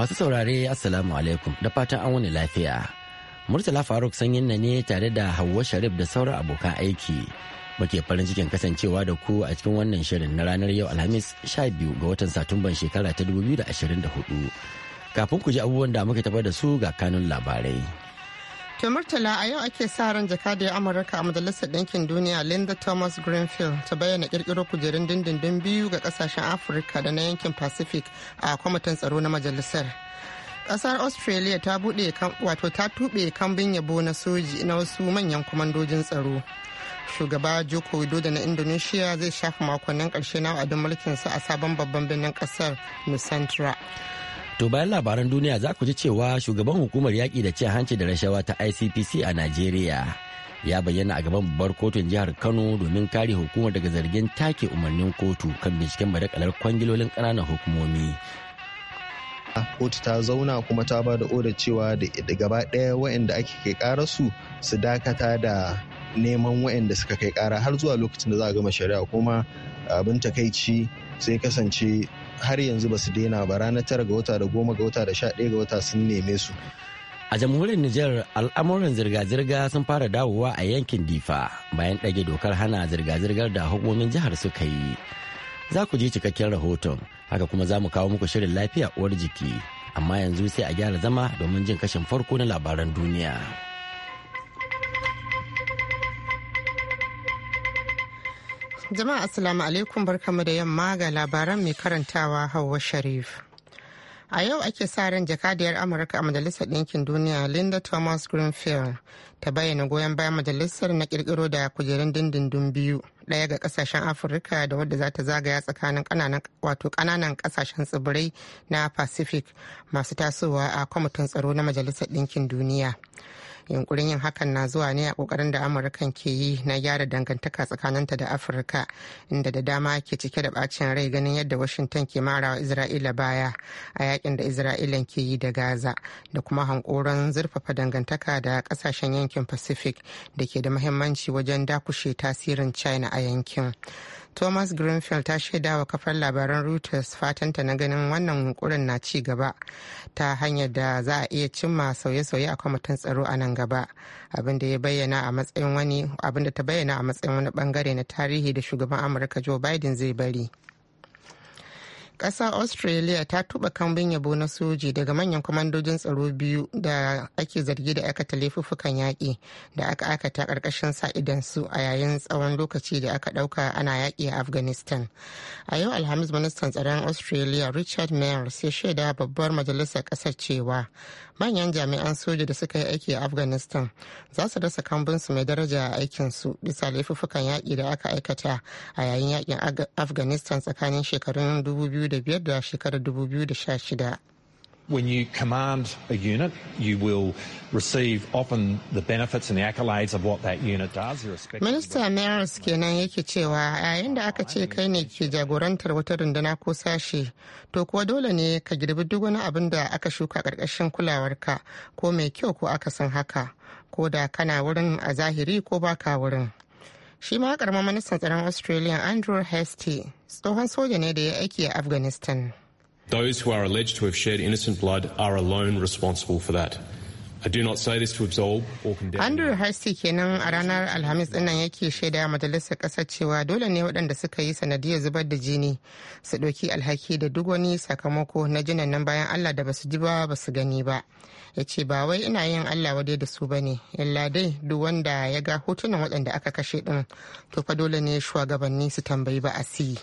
Masu saurare Assalamu alaikum da fatan an wani lafiya. Murtala Faruk sanyin na ne tare da Hauwa Sharif da sauran abokan aiki. Muke farin cikin kasancewa da ku a cikin wannan shirin na ranar yau Alhamis sha biyu ga watan Satumban shekara ta 2024. Kafin ku ji abubuwan da muka tafa da su ga kanun labarai. To Murtala a yau ake sa ran jakadiyar Amurka a Majalisar Ɗinkin Duniya Linda Thomas Greenfield ta bayyana kirkiro kujerun dindindin biyu ga ƙasashen Afirka da na yankin Pacific a kwamitin tsaro na majalisar. Ƙasar Australia ta buɗe wato ta tuɓe kambin yabo na soji na wasu manyan kwamandojin tsaro. Shugaba Joko Widodo na Indonesia zai shafa makonnin ƙarshe na wa'adin mulkinsa a sabon babban birnin ƙasar Nusantara. To bayan labaran duniya za ku ji cewa shugaban hukumar yaƙi da cin hanci da rashawa ta ICPC a Najeriya ya bayyana a gaban babbar kotun jihar Kano domin kare hukumar daga zargin take umarnin kotu kan binciken badakalar kwangilolin ƙananan hukumomi. kotu ta zauna kuma ta ba da oda cewa da gaba ɗaya waɗanda ake ke ƙara su dakata da neman waɗanda suka kai ƙara har zuwa lokacin da za a gama shari'a kuma abin takaici sai kasance har yanzu ba su daina ba ranar tara ga wata da goma ga wata da sha ɗaya ga wata sun neme su. A jamhuriyar Nijar al'amuran zirga-zirga sun fara dawowa a yankin Difa bayan ɗage dokar hana zirga-zirgar da hukumomin jihar suka yi. Za ku ji cikakken rahoton haka kuma za mu kawo muku shirin lafiya uwar jiki amma yanzu sai a gyara zama domin jin kashin farko na labaran duniya. Jama'a Assalamu alaikum barkamu da yamma ga labaran mai karantawa Hauwa Sharif. A yau ake sa ran jakadiyar Amurka a Majalisar Ɗinkin Duniya Linda Thomas Greenfield ta bayyana goyon bayan majalisar na kirkiro da kujerun dindindin biyu ɗaya ga kasashen Afirka da wadda za ta zagaya tsakanin wato ƙananan ƙasashen tsibirai na Pacific masu tasowa a kwamitin tsaro na Majalisar Ɗinkin Duniya. yunkurin yin hakan na zuwa ne a kokarin da amurkan ke yi na gyara dangantaka tsakaninta da afirka inda da dama ke cike da bacin rai ganin yadda washington ke marawa isra'ila baya a yakin da isra'ila ke yi da gaza da kuma hankoron zurfafa dangantaka da kasashen yankin pacific da ke da mahimmanci wajen dakushe tasirin china a yankin thomas greenfield ta shaida wa kafar labaran reuters fatanta na ganin wannan hunkurin na ci gaba ta hanyar da za a iya cimma sauye-sauye a kwamitin tsaro a nan gaba abinda ya bayyana a matsayin wani abinda ta bayyana a matsayin wani bangare na tarihi da shugaban amurka joe biden zai bari ƙasar australia ta tuba kambin yabo na soji daga manyan kwamandojin tsaro biyu da ake zargi da aikata laifuffukan yaƙi da aka aikata ƙarƙashin sa su a yayin tsawon lokaci da aka ɗauka ana yaƙi a afghanistan a yau alhamis ministan tsaron australia richard mayer sai shaida babbar majalisar ƙasar cewa manyan jami'an soja da suka yi aiki a afghanistan za su rasa su mai daraja a aikinsu bisa laifuffukan yaƙi da aka aikata a yayin yaƙin afghanistan tsakanin shekarun 2005 da shekarar 2016 When you command a unit, you will receive often the benefits and the accolades of what that unit does. Maris kenan yake cewa yayin da aka ce kai ne ke jagorantar wata runduna ko sashe, to kuwa dole ne ka girbi duk wani abin da aka shuka ƙarƙashin kulawarka ko mai kyau ko akasin haka, ko da kana wurin a zahiri ko baka wurin. shi ma karamar ministan tsaron australia andrew hastie tsohon soja ne da ya aiki a afghanistan Those who are alleged to have shed innocent blood are alone responsible for that. Andrew Hasty kenan a ranar Alhamis dinnan yake shaida majalisar kasar cewa dole ne waɗanda suka yi sanadiyar zubar da jini su ɗauki alhaki da duk wani sakamako na jinan nan bayan Allah da basu ji ba basu gani ba. Ya ce ba wai ina yin Allah wadai da su bane, illa dai duk wanda ya ga hotunan waɗanda aka kashe ɗin to fa dole ne shugabanni su tambayi ba a siyi.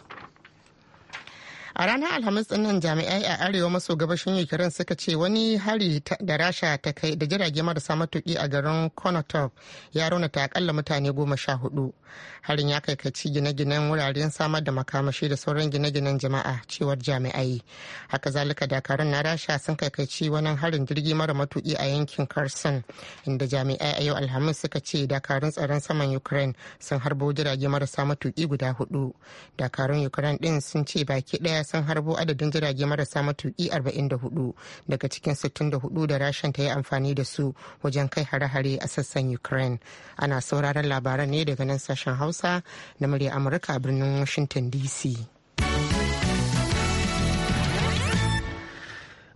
a ranar alhamis dinnan jami'ai a arewa maso gabashin ukraine suka ce wani hari da rasha ta kai da jirage marasa matuki a garin konotop ya ta akalla mutane goma sha hudu harin ya kaikaci gine-ginen wuraren samar da makamashi da sauran gine-ginen jama'a cewar jami'ai haka zalika dakarun na rasha sun kaikaci wani harin jirgi mara matuki a yankin kherson inda jami'ai a yau alhamis suka ce dakarun tsaron saman ukraine sun harbo jirage marasa matuki guda hudu dakarun ukraine din sun ce baki daya sun harbo adadin jirage marasa matuki 44 daga cikin 64 da rashin ta yi amfani da su wajen kai hare-hare a sassan ukraine ana sauraron labaran ne daga nan sashen hausa na murya amurka a birnin washington dc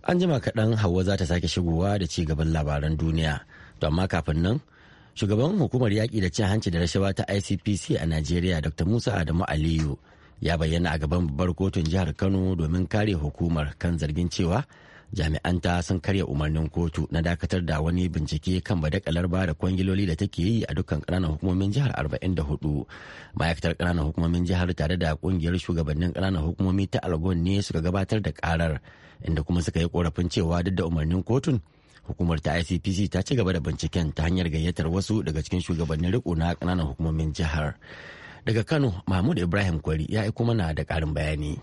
an jima kaɗan hawa za ta sake shigowa da ci gaban labaran duniya to amma kafin nan shugaban hukumar yaƙi da cin hanci da rashawa ta icpc a najeriya dr musa adamu aliyu ya bayyana a gaban babbar kotun jihar kano domin kare hukumar kan zargin cewa jami'anta sun karya umarnin kotu na dakatar da wani bincike kan badakalar ba da kwangiloli da take yi a dukkan kananan hukumomin jihar 44 ma'aikatar kananan hukumomin jihar tare da kungiyar shugabannin kananan hukumomi ta algon ne suka gabatar da karar inda kuma suka yi korafin cewa duk da umarnin kotun hukumar ta icpc ta ci gaba da binciken ta hanyar gayyatar wasu daga cikin shugabannin riko na kananan hukumomin jihar Daga Kano, Mahmud Ibrahim Kwari ya kuma na da karin bayani.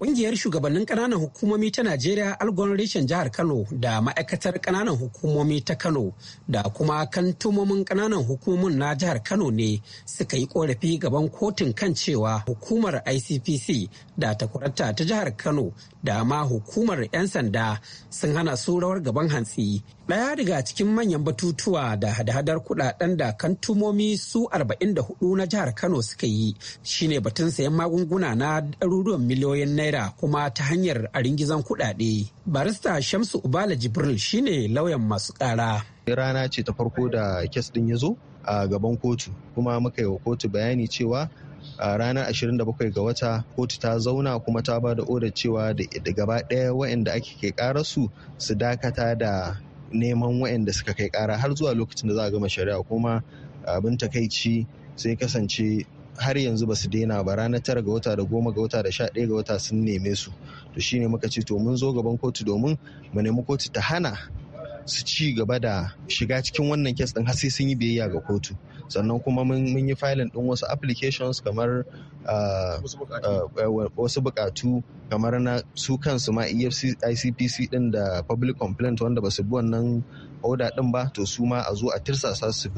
Ƙungiyar shugabannin ƙananan hukumomi ta Najeriya Algon Reshen Jihar Kano da ma'aikatar ƙananan hukumomi ta Kano da kuma kantumomin ƙananan hukumomin na Jihar Kano ne suka yi korafi gaban kotun kan cewa hukumar ICPC da takwarata ta Jihar Kano da ma hukumar 'yan sanda sun hana su rawar gaban hantsi Ɗaya daga cikin manyan batutuwa da hada-hadar kuɗaɗen da kantumomi su 44 na jihar Kano suka yi shine batun sayan magunguna na ɗaruruwan miliyoyin naira kuma ta hanyar a ringizan kudade Barista Shamsu Ubala Jibril shine lauyan masu ƙara. Rana ce ta farko da kes ɗin ya zo a gaban kotu kuma muka yi wa kotu bayani cewa a ranar 27 ga wata kotu ta zauna kuma ta ba da cewa da gaba ɗaya waɗanda ake ke ƙara su su dakata da neman waɗanda suka kai ƙara har zuwa lokacin da za a gama shari'a kuma abin takaici sai kasance har yanzu ba su daina ba ranar tara ga wata da goma ga wata da sha ɗaya ga wata sun neme su to shine muka ce to mun zo gaban kotu domin mu nemi kotu ta hana su ci gaba da shiga cikin wannan kes ɗin har sai sun yi biyayya ga kotu sannan kuma mun yi filin ɗin wasu applications kamar ah, wasu bukatu ah, eh, kamar na su kansu ma efcpc ɗin da public complaint wanda ba su bi wannan oda ɗin ba to su ma a zo a tirsasa su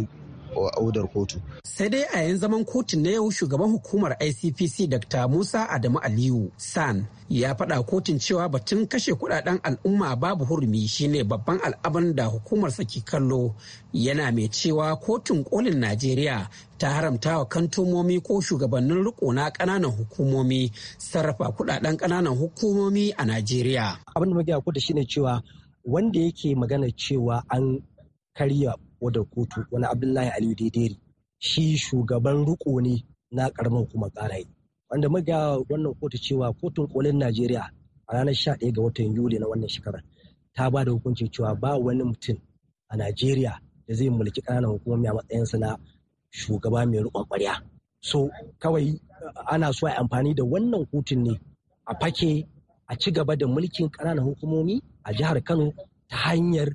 audar kotu. Sai dai a yan zaman kotun na yau shugaban hukumar ICPC Dr. Musa Adamu Aliyu San ya faɗa kotun cewa batun kashe kudaden al'umma babu hurumi shine babban al'aban da hukumar ke kallo yana mai cewa kotun kolin Najeriya ta haramta wa kantomomi ko shugabannin riko na ƙananan hukumomi sarrafa kudaden kananan hukumomi a Najeriya. Abin da muke da shine cewa wanda yake magana cewa an karya wadda kotu wani abdullahi aliyu daidairi shi shugaban riko ne na karamar hukumar karayi wanda muga wannan kotu cewa kotun kolin najeriya a ranar 11 ga watan yuli na wannan shekarar ta ba da hukuncin cewa ba wani mutum a najeriya da zai mulki ƙananan hukumomi a matsayinsa na shugaba mai rikon kwarya so kawai uh, ana so a amfani da wannan kotun ne a fake a ci gaba da mulkin ƙananan hukumomi a jihar kano ta hanyar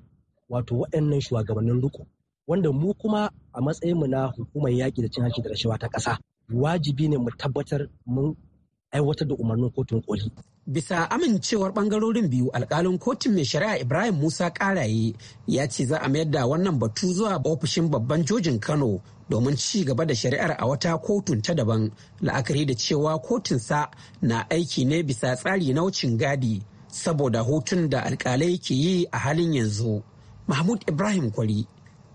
wato waɗannan shugabannin riko wanda mu kuma a matsayinmu na hukumar yaƙi da cin hanci da rashawa ta ƙasa wajibi ne mu tabbatar mun aiwatar da umarnin kotun koli. Bisa amincewar bangarorin biyu alkalin kotun mai shari'a Ibrahim Musa Karaye ya ce za a mayar da wannan batu zuwa ofishin babban jojin Kano domin ci gaba da shari'ar a wata kotun ta daban la'akari da cewa kotun sa na aiki ne bisa tsari na wucin gadi saboda hutun da alkalai ke yi a halin yanzu. Mahmud Ibrahim Kwari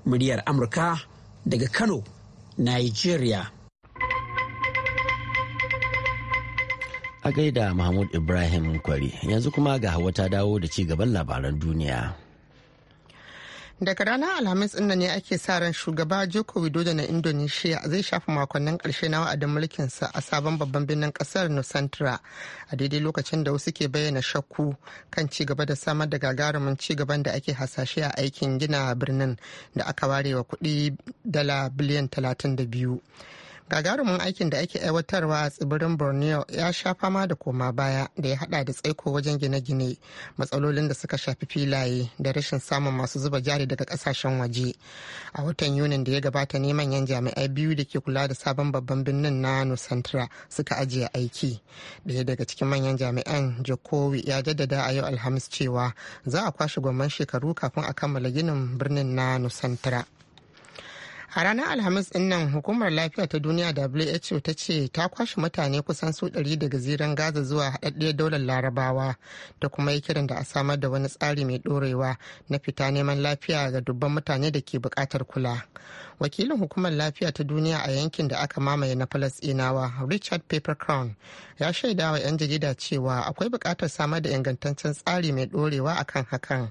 muryar amurka daga kano nigeria a gaida mahmud ibrahim kwari yanzu kuma ga hawa ta dawo da ci gaban labaran duniya daga ranar alhamis ɗin ne ake sa ran shugaba joko widodo na indonesia zai shafi makonnin ƙarshe na wa'adin sa a sabon babban birnin ƙasar nusantara a daidai lokacin da wasu ke bayyana shakku kan ci gaba da samar da gagarumin ci gaban da ake hasashe a aikin gina birnin da aka ware wa kuɗi dala biliyan da biyu gagarumin aikin da ake aiwatarwa a tsibirin borneo ya sha fama da koma baya da ya hada da tsaiko wajen gine-gine matsalolin da suka shafi filaye da rashin samun masu zuba jari daga kasashen waje a watan yunin da ya gabata ne manyan jami'ai biyu da ke kula da sabon babban birnin na santra suka ajiye aiki daya daga cikin manyan jami'an jokowi ya jaddada a yau alhamis cewa za a kwashe gwamman shekaru kafin a kammala ginin birnin na santra A ranar Alhamis din hukumar lafiya ta duniya WHO ta ce ta kwashe mutane kusan su ɗari daga ziran Gaza zuwa haɗaɗɗiyar daular Larabawa da kuma yi kiran da a samar da wani tsari mai ɗorewa na fita neman lafiya ga dubban mutane da ke buƙatar kula. Wakilin hukumar lafiya ta duniya a yankin da aka mamaye na Falasɗinawa Richard Paper Crown ya shaida wa 'yan jarida cewa akwai buƙatar samar da ingantaccen tsari mai ɗorewa akan hakan.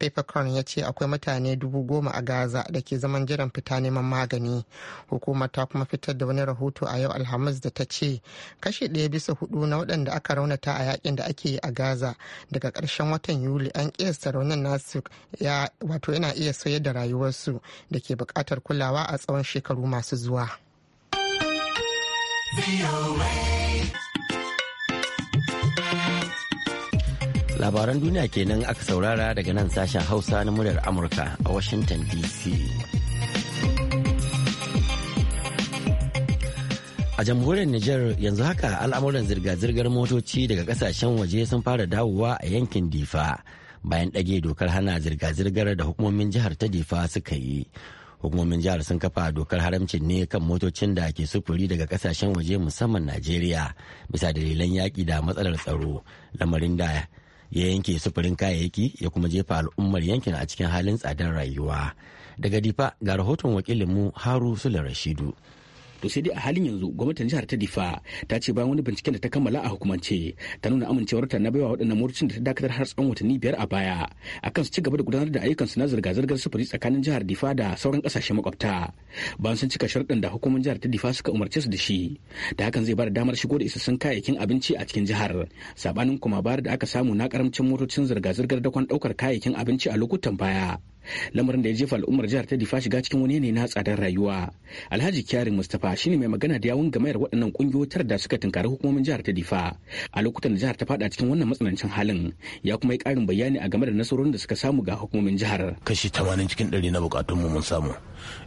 Paper Crown ya ce akwai mutane dubu goma a Gaza da ke zaman jiran fita neman neman magani hukumar ta kuma fitar da wani rahoto a yau alhamis da ta ce kashe ɗaya bisa hudu na waɗanda aka raunata a yakin da ake yi a gaza daga ƙarshen watan yuli an ƙiyasta raunin nasu ya wato yana iya sayar da rayuwarsu da ke buƙatar kulawa a tsawon shekaru masu zuwa. Labaran duniya kenan aka saurara daga nan sashen Hausa na muryar Amurka a Washington DC. A jamhuriyar Nijar yanzu haka al'amuran zirga-zirgar motoci daga kasashen waje sun fara dawowa a yankin Difa bayan ɗage dokar hana zirga-zirgar da hukumomin jihar ta Difa suka yi. Hukumomin jihar sun kafa dokar haramcin ne kan motocin da ke sufuri daga kasashen waje musamman Najeriya bisa dalilan yaƙi da matsalar tsaro lamarin da ya yanke sufurin kayayyaki ya kuma jefa al'ummar yankin a cikin halin tsadar rayuwa. Daga Difa ga rahoton wakilinmu Haru Sule Rashidu. to sai dai a halin yanzu gwamnatin jihar ta difa ta ce bayan wani binciken da ta kammala a hukumance ta nuna amincewarta na baiwa waɗannan murcin da ta dakatar har tsawon watanni biyar a baya akan su ci gaba da gudanar da ayyukan su na zirga-zirgar sufuri tsakanin jihar difa da sauran ƙasashe makwabta bayan sun cika sharɗin da hukumar jihar ta difa suka umarce su da shi da hakan zai ba da damar shigo da isassun kayayyakin abinci a cikin jihar sabanin kuma bayar da aka samu na karamcin motocin zirga-zirgar dakon ɗaukar kayayyakin abinci a lokutan baya lamarin da ya jefa al'ummar jihar ta difa shiga cikin wani yanayi na tsadar rayuwa alhaji kyari mustapha shine mai magana da yawun gamayar waɗannan ƙungiyotar da suka tunkari hukumomin jihar ta difa a lokutan da jihar ta fada cikin wannan matsanancin halin ya kuma yi ƙarin bayani a game da nasarorin da suka samu ga hukumomin jihar kashi 80 cikin 100 na bukatunmu mun samu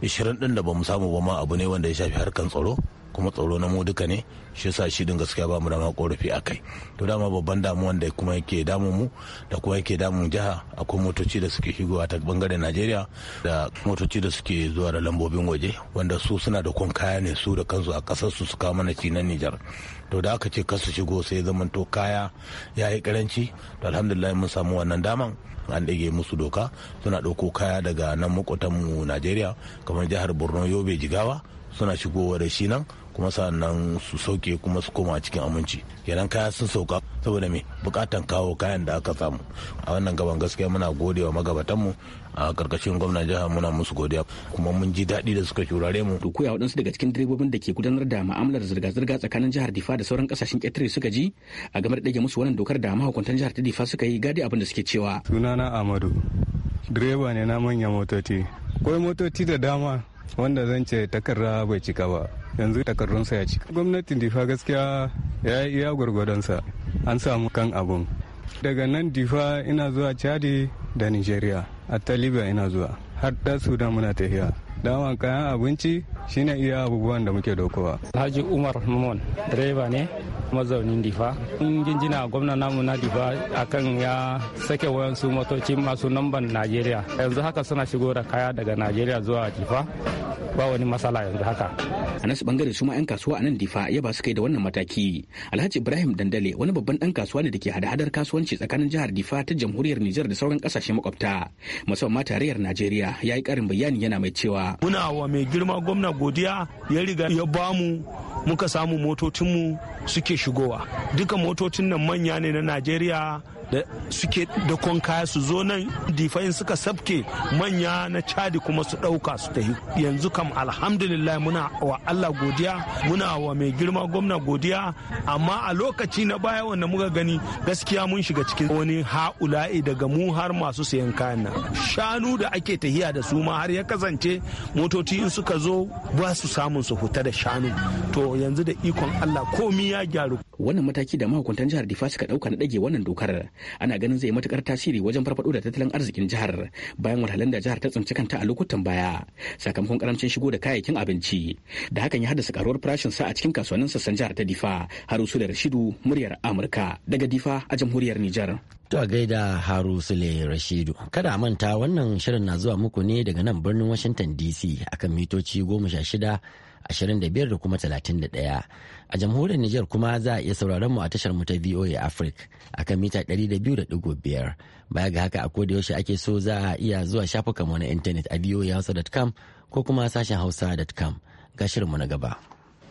20 din da bamu samu ba ma abu ne wanda ya shafi harkan tsaro kuma tsoro na mu duka ne shi yasa shi din gaskiya ba mu da ma korafi a kai to dama babban damuwan da kuma yake damu mu da kuma yake damu jiha akwai motoci da suke shigowa ta bangaren najeriya da motoci da suke zuwa da lambobin waje wanda su suna da kun kaya ne su da kansu a kasar su su kawo mana ci na nijar to da aka ce kasu shigo sai zamanto kaya ya yi karanci to alhamdulillah mun samu wannan daman an ɗage musu doka suna ɗauko kaya daga nan mu najeriya kamar jihar borno yobe jigawa suna shigowa da shi nan kuma sa'annan su sauke kuma su koma cikin aminci kenan kaya sun sauka saboda me bukatan kawo kayan da aka samu a wannan gaban gaskiya muna godewa magabatanmu a karkashin gwamnan jihar muna musu godiya kuma mun ji daɗi da suka shurare mu. To koya waɗansu daga cikin direbobin da ke gudanar da ma'amalar zirga-zirga tsakanin jihar Difa da sauran kasashen ƙetare suka ji a game da ɗage musu wannan dokar da mahukuntan jihar ta Difa suka yi gadi abin da suke cewa. Sunana Amadu direba ne na manyan motoci. Akwai motoci da dama wanda zan ce takarda bai cika ba. yanzu takardunsa ya ci gwamnatin difa gaskiya ya yi iya gwargwadonsa an samu kan abun daga nan difa ina zuwa chadi da nigeria a taliba ina zuwa har da sudan muna tafiya dama kayan abinci shine iya abubuwan da muke dokowa. Alhaji Umar Mamon direba ne mazaunin Difa. Mun jinjina gwamna namu na Difa akan ya sake wayansu motoci masu namban Najeriya. Yanzu haka suna shigo da kaya daga Najeriya zuwa Difa ba wani matsala yanzu haka. A nasu bangare su ma 'yan kasuwa a nan Difa ya ba su kai da wannan mataki. Alhaji Ibrahim Dandale wani babban dan kasuwa ne da ke hada-hadar kasuwanci tsakanin jihar Difa ta jamhuriyar Nijar da sauran kasashe makwabta musamman ma tarayyar Najeriya ya yi karin bayani yana mai cewa muna wa mai girma gwamna godiya ya riga ya bamu muka samu motocinmu suke shigowa duka motocin nan manya ne na najeriya da suke dakon kaya su zo nan difayin suka sabke manya na cadi kuma su ɗauka su tafi yanzu kam alhamdulillah muna wa allah godiya muna wa mai girma gwamna godiya amma a lokaci na baya wanda muka gani gaskiya mun shiga cikin wani ha'ula'i daga mu har masu sayan kayan nan shanu da ake tahiya da su ma har ya kasance motoci in suka zo ba su samun su huta da shanu to yanzu da ikon allah komi ya gyaru wannan mataki da mahukuntan jihar difa suka ɗauka na dage wannan dokar ana ganin zai matukar tasiri wajen farfado da tattalin arzikin jihar bayan wahalhalun da jihar ta tsinci kanta a lokutan baya sakamakon karamcin shigo da kayayyakin abinci da hakan ya haddasa karuwar farashin sa a cikin kasuwannin sassan jihar ta Difa Harusu da Rashidu muryar Amurka daga Difa a jamhuriyar Nijar. To a gaida Haru Sule Rashidu. Kada a manta wannan shirin na zuwa muku ne daga nan birnin Washington DC akan mitoci goma sha shida 25 da kuma 31. A jamhuriyar Nijar kuma za a iya sauraron mu a tashar mu ta VOA Africa a kan mita 200.5. Baya ga haka a koda yaushe ake so za a iya zuwa shafukan mu na intanet a voahausa.com ko kuma sashen hausa.com. Ga shirinmu na gaba.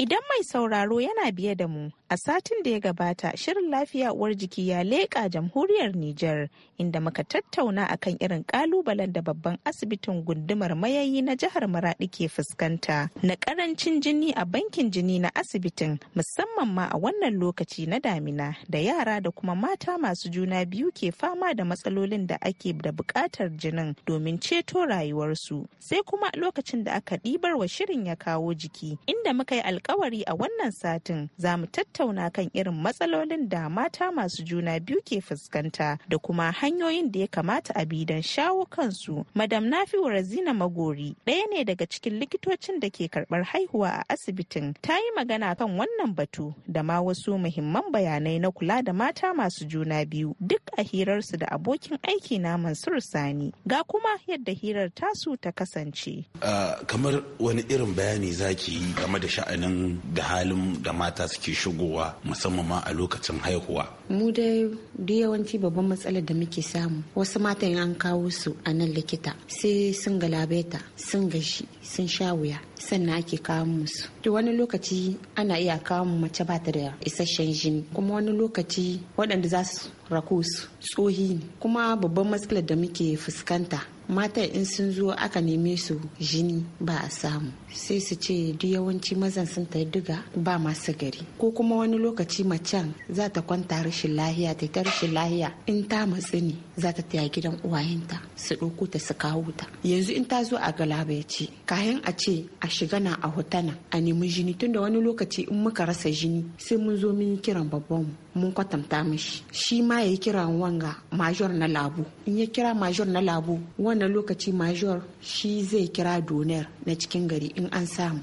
Idan mai sauraro yana biye da mu a satin da ya gabata shirin lafiya uwar jiki ya leƙa jamhuriyar Nijar inda muka tattauna akan irin ƙalubalen da babban asibitin gundumar mayayi na jihar Maradi ke fuskanta na karancin jini a bankin jini na asibitin musamman ma a wannan lokaci na damina da yara da kuma mata masu juna biyu ke fama da matsalolin da ake da buƙatar jinin domin ceto rayuwarsu sai kuma lokacin da aka ɗibar wa shirin ya kawo jiki inda muka yi alkawari a wannan satin za mu tattauna kan irin matsalolin da mata masu juna biyu ke fuskanta da kuma hanyoyin da ya kamata a bi don shawo kansu. Madam Nafi Razina Magori ɗaya ne daga cikin likitocin da ke karɓar haihuwa a asibitin ta yi magana kan wannan batu da ma wasu muhimman bayanai na kula da mata masu juna biyu duk a hirarsu da abokin aiki na Mansur Sani. Ga kuma yadda hirar tasu ta kasance. Ah, kamar wani irin bayani zaki yi game da sha'anin da halin da mata suke shigowa musamman ma a lokacin haihuwa mu dai da yawanci babban matsalar da muke samu wasu matan an kawo su a nan likita sai sun ga labeta sun gashi sun sha wuya sannan ake kawo musu to wani lokaci ana iya kawo mu mace ba ta da isasshen jini kuma wani lokaci waɗanda za su rako su tsohi ne kuma babban matsalar da muke fuskanta matan in sun zo aka neme su jini ba a samu sai su ce duk yawanci mazan sun ta diga ba masu gari ko kuma wani lokaci macen za ta kwanta rashin lahiya ta ta rashin lahiya in ta matsi ne za ta taya gidan uwayenta su ɗauko ta su kawo ta yanzu in ta zo a ce kayan a ce a shiga na a hotana a nemi jini tunda wani lokaci in muka rasa jini sai mun zo mun kiran mu mun kwatanta mishi shi ma ya yi kiran wanga major na labu in ya kira major na labu wannan lokaci major shi zai kira donar na cikin gari in an samu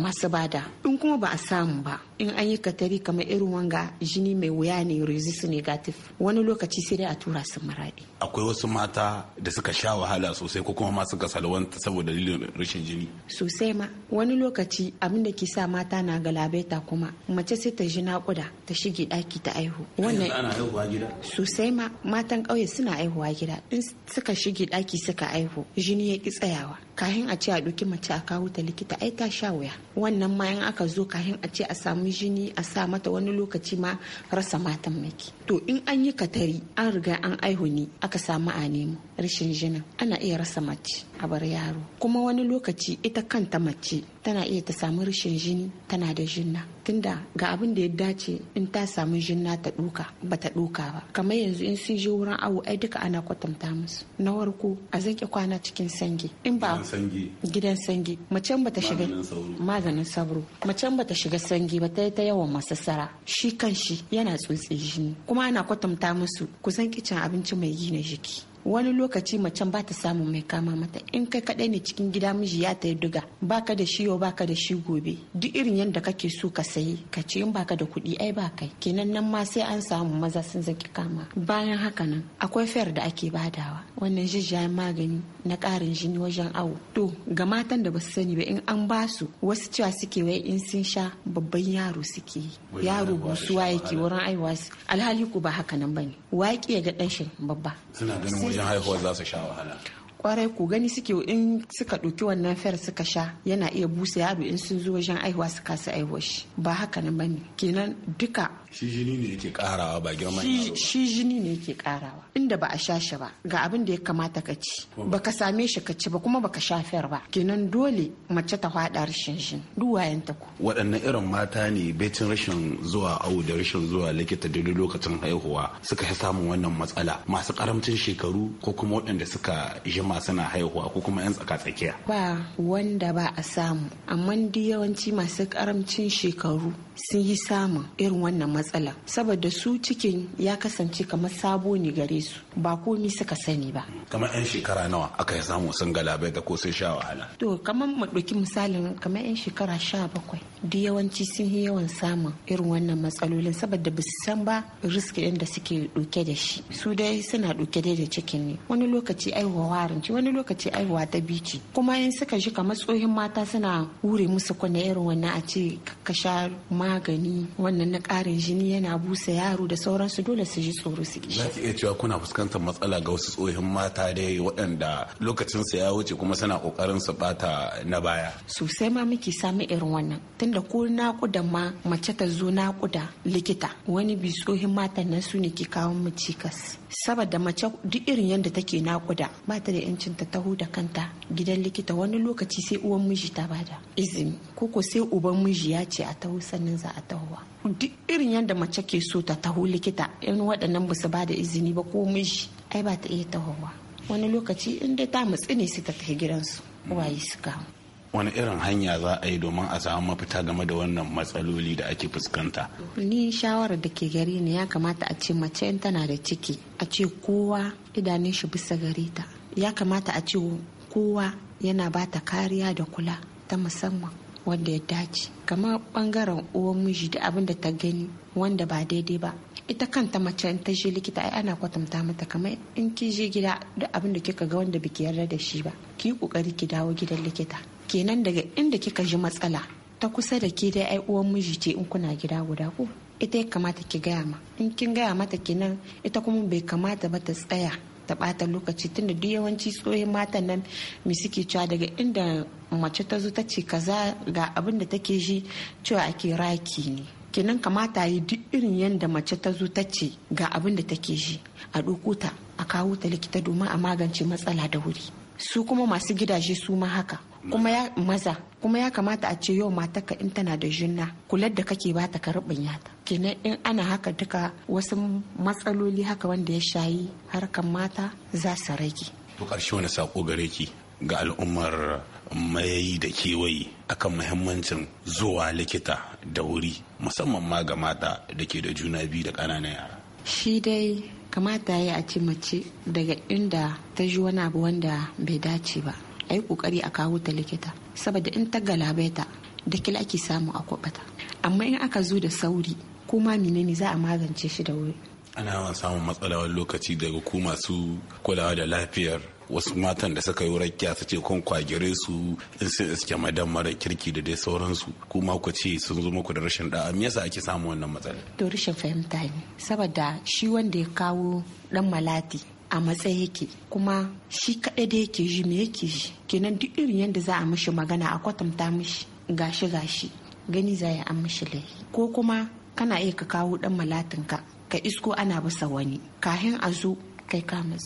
masu bada in kuma ba a samu ba in an yi katari kamar irin wanga jini mai wuya ne resist negatif wani lokaci sai dai a tura su maraɗi akwai wasu mata da suka sha wahala sosai ko kuma ma suka salwanta saboda dalilin rashin jini sosai ma wani lokaci abin da ke sa mata na galabaita kuma mace sai ta ji naƙuda ta shige daki ta aihu wannan ana aihuwa gida sosai ma matan ƙauye suna aihuwa gida in suka shige daki suka aihu jini ya ki tsayawa kahin a ce a ɗauki mace a kawo ta likita ai ta sha wuya wannan ma in aka zo kahin a ce a samu sami jini a sa mata wani lokaci ma rasa matan maki to in an yi katari an riga an aihu ne aka samu a nemo rashin jinin ana iya rasa mace a bar yaro kuma wani lokaci ita kanta mace tana iya ta samu rashin jini tana da jinna tunda ga abin da ya dace in ta samu jinna ta duka ba ta duka ba kamar yanzu in sun je wurin awo ai duka ana kwatanta musu na farko a zanke kwana cikin sange in ba gidan sange macen ba ta shiga maganin sabro macen ba ta shiga sange ba ta yi ta yawan sara shi kan shi yana tsotse jini kuma ana kwatanta musu ku zanke cin abinci mai gina jiki wani lokaci macen ba ta samu mai kama mata in kai kadai ne cikin gida miji ya ta duga baka da shi yau baka da shi gobe duk irin yadda kake so ka sayi ka ce in baka da kuɗi ai ba kai kenan nan ma sai an samu maza sun zaki kama bayan haka nan akwai fayar da ake badawa wannan jijjayen magani na ƙarin jini wajen awo to ga matan da ba su sani ba in an ba su wasu cewa suke wai in sun sha babban yaro suke yaro busuwa yake wurin aiwa alhali ku ba haka nan bane waƙi ya ga ɗan shi babba wajen haihuwa za su sha wahala kwarai ku gani suke in suka ɗauki wannan fer suka sha yana iya busa yaro in sun zo wajen aihuwa su kasa aihuwa shi ba haka nan bane kenan duka shi jini ne yake karawa ba girman shi jini ne yake karawa inda ba a sha shi ba ga abin da ya kamata ka ci baka same shi ka ci ba kuma baka sha fer ba kenan dole mace ta faɗa rashin shin duwayen ta ku waɗannan irin mata ne betin rashin zuwa awo da rashin zuwa likita daidai lokacin haihuwa suka samun wannan matsala masu karamcin shekaru ko kuma waɗanda suka ma suna haihuwa ko kuma 'yan tsaka-tsakiya ba wanda ba a samu amma yawanci masu karamcin shekaru sun yi samun irin wannan matsala saboda su cikin ya kasance kamar sabo ne gare su ba komi suka sani ba kamar yan shekara nawa aka samu sun galabai da ko sun sha wahala to kamar mu ɗauki misalin kamar yan shekara sha bakwai duk yawanci sun yi yawan samun irin wannan matsalolin saboda ba su san ba riski ɗin da suke ɗauke da shi su dai suna ɗauke da cikin ne wani lokaci aiwa warin wani lokaci aiwa ta bici kuma in suka shi kamar tsohin mata suna hure musu kunne irin wannan a ce ka sha ma magani wannan na ƙarin jini yana busa yaro da sauransu dole su ji tsoro su ki zaki iya cewa kuna fuskantar matsala ga wasu tsohon mata dai waɗanda lokacin su ya wuce kuma suna kokarin su bata na baya sosai ma muke samu irin wannan tunda ko naƙuda ma mace ta zo naƙuda likita wani bi tsohin mata nan su ne ke kawo mu cikas saboda mace duk irin yadda take naƙuda ba ta da 'yancin ta taho da kanta gidan likita wani lokaci sai uwan miji ta bada izini koko sai uban miji ya ce a taho sannan za a tahowa duk irin yadda mace ke so ta taho likita in waɗannan ba su ba da izini ba ko miji ai ba ta iya tahowa wani lokaci in dai ta matsi ne sai ta tafi gidansu waye su kawo wani irin hanya za a yi domin a samu mafita game da wannan matsaloli da ake fuskanta ni shawarar da ke gari ne ya kamata a ce mace in tana da ciki a ce kowa idanun shi bisa gare ta ya kamata a ce kowa yana ba ta kariya da kula ta musamman wanda ya dace kamar bangaren uwan miji da abin da ta gani wanda ba daidai ba ita kanta mace in ta je likita ai ana kwatanta mata kamar in ki je gida da abin da kika ga wanda biki yarda da shi ba ki yi kokari ki dawo gidan likita kenan daga inda kika ji matsala ta kusa da ke dai ai uwan miji ce in kuna gida guda ko ita ya kamata ki gaya ma in kin gaya mata kenan ita kuma bai kamata ba ta tsaya ta bata lokaci tunda duk yawanci tsohon matan nan me suke cewa daga inda mace ta zo ta ce kaza ga abin da take shi cewa ake raki ne kenan kamata yi duk irin yadda mace ta zo ta ce ga abin da take shi a ɗauko a kawo ta likita domin a magance matsala da wuri su kuma masu gidaje su ma haka kuma ya maza kuma ya kamata a ce yau matarka in tana da juna kular da kake bata ka rubanya yata kenan in ana haka duka wasu matsaloli haka wanda ya shayi harkar mata za su rage to karshe wani sako gare ki ga al'ummar mayayi da kewaye akan muhimmancin zuwa likita da wuri musamman ma ga mata da ke da juna biyu da ƙananan yara shi dai kamata ya yi a ce mace daga inda ta ji wani abu wanda bai dace ba a yi kokari a kawo ta likita saboda in ta galabaita da kila ake samu a kwabata amma in aka zo da sauri ko ma menene za a magance shi da wuri ana samun matsala lokaci daga ku masu kulawa da lafiyar wasu matan da suka yi rakiya su ce kun kwagire su in sun iske madan mara kirki da dai sauransu kuma ku ce sun zo muku da rashin da'a me yasa ake samu wannan matsala to rashin fahimta ne saboda shi wanda ya kawo dan malati a matsayi yake kuma shi kaɗai da yake ji me yake ji kenan duk irin yadda za a mishi magana a kwatanta mishi gashi gashi gani za ya an mishi laifi ko kuma kana iya ka kawo dan malatinka ka isko ana bisa wani kahin a zo kai kamus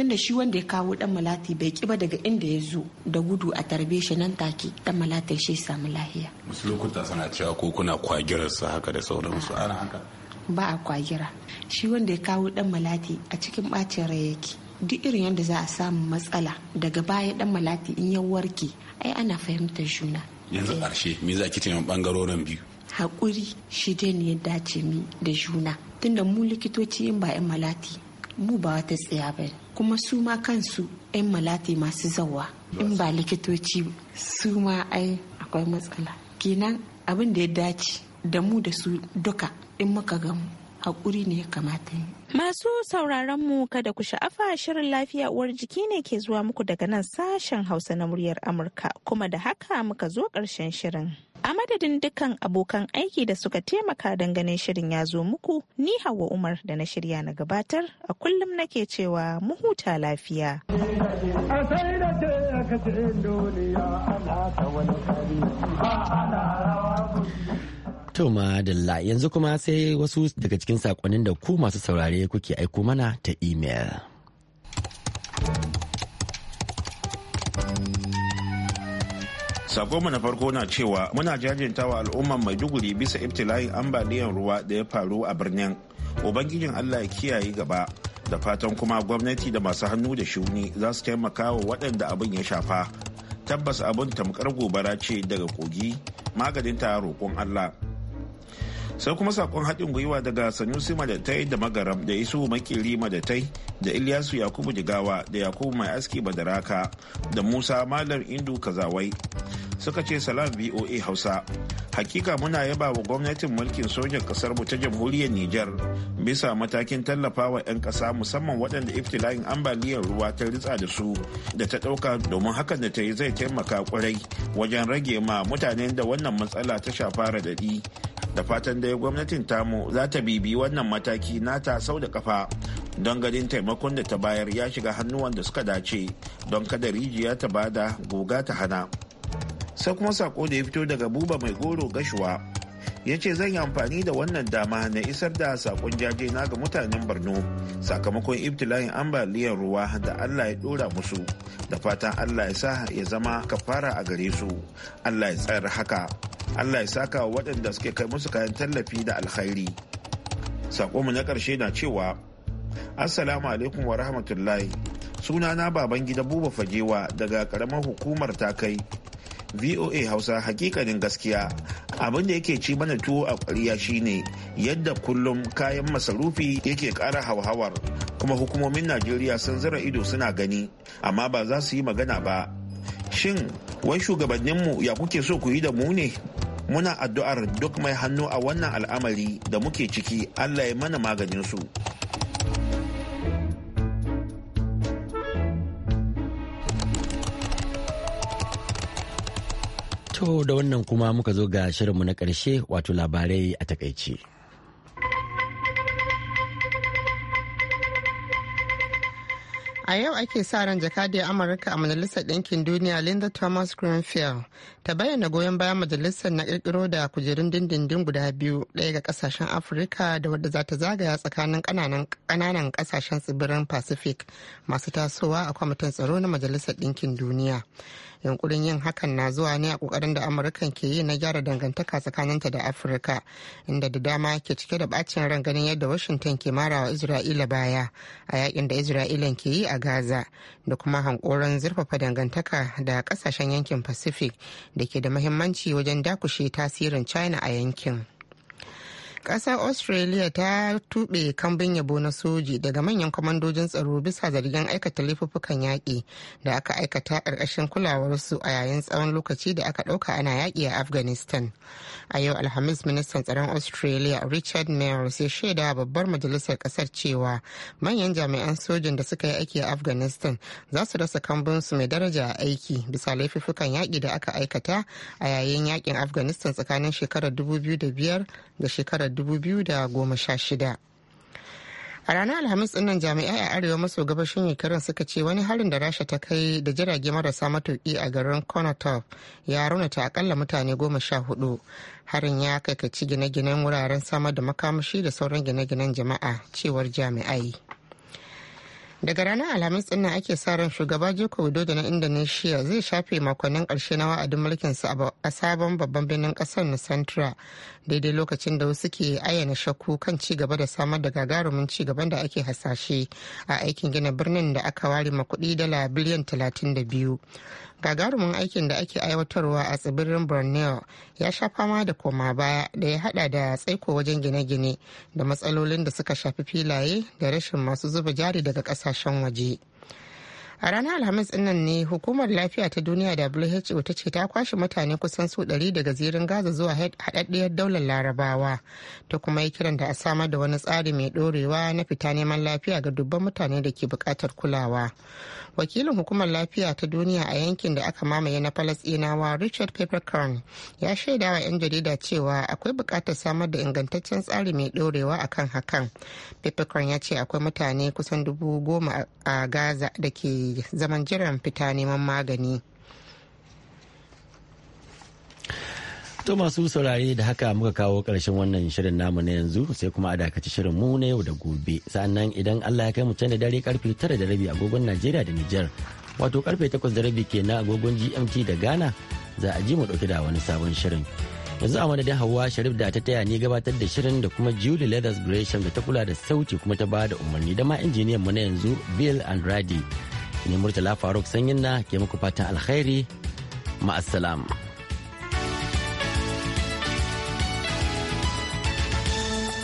tunda shi wanda ya kawo dan malati bai kiba daga inda ya zo da gudu a tarbe shi nan take dan malatin shi samu lahiya wasu lokuta suna cewa ko kuna su haka da sauransu ana haka ba a kwagira shi wanda ya kawo dan malati a cikin bacin rai yake duk irin yadda za a samu matsala daga baya dan malati in ya warke ai ana fahimtar juna yanzu eh. ƙarshe me za ki ce bangarorin biyu Hakuri shi dai ne ya dace mi da juna tunda mu likitoci in ba 'yan malati mu ba wata tsaya ba kuma su ma kansu 'yan malati masu zawa in ba likitoci su ma ai akwai matsala kenan abin da ya dace da mu da su duka in muka gamu hakuri ne ya kamata yi Masu sauraron mu kada ku sha'afa shirin lafiya uwar jiki ne ke zuwa muku daga nan sashen Hausa na muryar Amurka kuma da haka muka zo ƙarshen shirin. A madadin dukkan abokan aiki da suka taimaka ganin shirin ya zo muku, ni Hawa Umar da na shirya na gabatar a kullum nake cewa mu huta lafiya. To madalla yanzu kuma sai wasu daga cikin saƙonin da ku masu saurare kuke aiko mana ta imel. mu na farko na cewa muna jajintawa mai Maiduguri bisa ibtila'in ambaliyar ruwa da ya faru a birnin. Ubangijin Allah ya kiyaye gaba da fatan kuma gwamnati da masu hannu da shuni za su taimaka wa waɗanda abin ya shafa. Tabbas abin tamkar gobara ce daga kogi maganin ta roƙon Allah. sai kuma sakon haɗin gwiwa daga sanusi madatai da magaram da isu makiri madatai da ilyasu yakubu jigawa da yakubu mai aski badaraka da musa malam indu kazawai suka ce salam voa hausa hakika muna yaba wa gwamnatin mulkin sojan kasar mu ta jamhuriyar nijar bisa matakin tallafawa 'yan ƙasa musamman waɗanda iftila'in ambaliyar ruwa ta ritsa da su da ta ɗauka domin hakan da ta yi zai taimaka kwarai wajen rage ma mutanen da wannan matsala ta shafa raɗaɗi da fatan dai gwamnatin tamu za ta bibi wannan mataki nata sau da kafa don ganin taimakon da ta bayar ya shiga hannuwan da suka dace don kada rijiya ta bada goga ta hana sai kuma sako da ya fito daga buba mai goro gashuwa ya ce zan yi amfani da wannan dama na isar da sakon jaje na ga mutanen borno sakamakon ibtila'in ambaliyar ruwa da allah ya dora musu da fatan allah ya sa ya zama kafara a gare su allah ya tsayar haka allah ya saka waɗanda suke kai musu kayan tallafi da alkhairi mu na ƙarshe na cewa assalamu alaikum wa rahmatullahi sunana baban gida buba fajewa daga ƙaramar hukumar ta kai voa hausa hakikanin gaskiya abin da yake ci mana tuwo a ƙwariya shine yadda kullum kayan masarufi yake ƙara hauhawar kuma hukumomin najeriya sun zira ido suna gani amma ba za su yi magana ba shin wai shugabanninmu ya kuke so ku yi da mu ne muna addu'ar duk mai hannu a wannan al'amari da muke ciki allah ya mana maganinsu to da wannan kuma muka zo ga shirinmu na ƙarshe wato labarai a takaice A yau ake sa ran jakadiyar Amurka a Majalisar Ɗinkin Duniya Linda Thomas Greenfield ta bayyana goyon bayan majalisar na ƙirƙiro da kujerun dindindin guda biyu ɗaya ga ƙasashen Afirka da wadda za ta zagaya tsakanin ƙananan ƙasashen tsibirin Pacific masu tasowa a kwamitin tsaro na Majalisar Ɗinkin Duniya. yunkurin yin hakan na zuwa ne a kokarin da amurkan ke yi na gyara dangantaka tsakaninta da afirka inda da dama ke cike da bacin ran ganin yadda washington ke marawa isra'ila baya a yakin da isra'ila ke yi a gaza da kuma hankoron zurfafa dangantaka da kasashen yankin pacific da ke da muhimmanci wajen dakushe tasirin china a yankin. Ƙasar Australia ta tuɓe kambin yabo na soji daga manyan kwamandojin tsaro bisa zargin aikata laifuffukan yaƙi da aka aikata ƙarƙashin kulawarsu a yayin tsawon lokaci da aka ɗauka ana yaƙi a Afghanistan. A yau Alhamis ministan tsaron Australia Richard Mayer ya shaida babbar majalisar ƙasar cewa manyan jami'an sojin da suka yi aiki a Afghanistan za su rasa kambinsu mai daraja a aiki bisa laifuffukan yaƙi da aka aikata a yayin yaƙin Afghanistan tsakanin shekarar 2005 da shekarar 2016 a ranar alhamis dinnan jami'ai a arewa maso gabashin ukraine suka ce wani harin da rasha ta kai da jirage marasa matuki a garin konotov ya raunata akalla mutane goma sha hudu harin ya kai ci gine-ginen wuraren samar da makamashi da sauran gine-ginen jama'a cewar jami'ai daga ranar alhamis din nan ake sa ran shugaba joko widodo na indonesia zai shafe makonnin karshe na wa'adin mulkin sa a sabon babban birnin kasar nusantara daidai lokacin da wasu ke ayyana shakku kan ci gaba da samar da gagarumin ci gaban da ake hasashe a aikin gina birnin da aka ware ma kuɗi dala biliyan 32 gagarumin aikin da ake aiwatarwa a tsibirin borneo ya sha fama da koma baya da ya hada da tsaiko wajen gine-gine da matsalolin da suka shafi filaye da rashin masu zuba jari daga kasashen waje a ranar alhamis dinnan ne hukumar lafiya ta duniya who ta ce ta kwashe mutane kusan su 100 daga zirin gaza zuwa haɗaɗɗiyar daular larabawa ta kuma yi kiran da a samar da wani tsari mai ɗorewa na fita neman lafiya ga dubban mutane da ke buƙatar kulawa wakilin hukumar lafiya ta duniya a yankin da aka mamaye na falasɗinawa richard peppercorn ya shaida wa 'yan jarida cewa akwai buƙatar samar da ingantaccen tsari mai ɗorewa akan hakan peppercorn ya ce akwai mutane kusan dubu goma a gaza da ke zaman jiran fita neman magani To masu saurare da haka muka kawo karshen wannan shirin namu na yanzu sai kuma a dakaci shirin mu na yau da gobe. Sa'annan idan Allah ya kai mu da dare karfe tara da rabi agogon Najeriya da Nijar. Wato karfe takwas da rabi ke na agogon GMT da Ghana za a ji mu ɗauki da wani sabon shirin. Yanzu a madadin Hauwa Sharif da ta taya ni gabatar da shirin da kuma Julie Leathers Gresham da ta kula da sauti kuma ta ba da umarni da ma injiniyan mu na yanzu Bill radi ne murtala faruk sanyin na ke muku fatan alkhairi ma'assalam.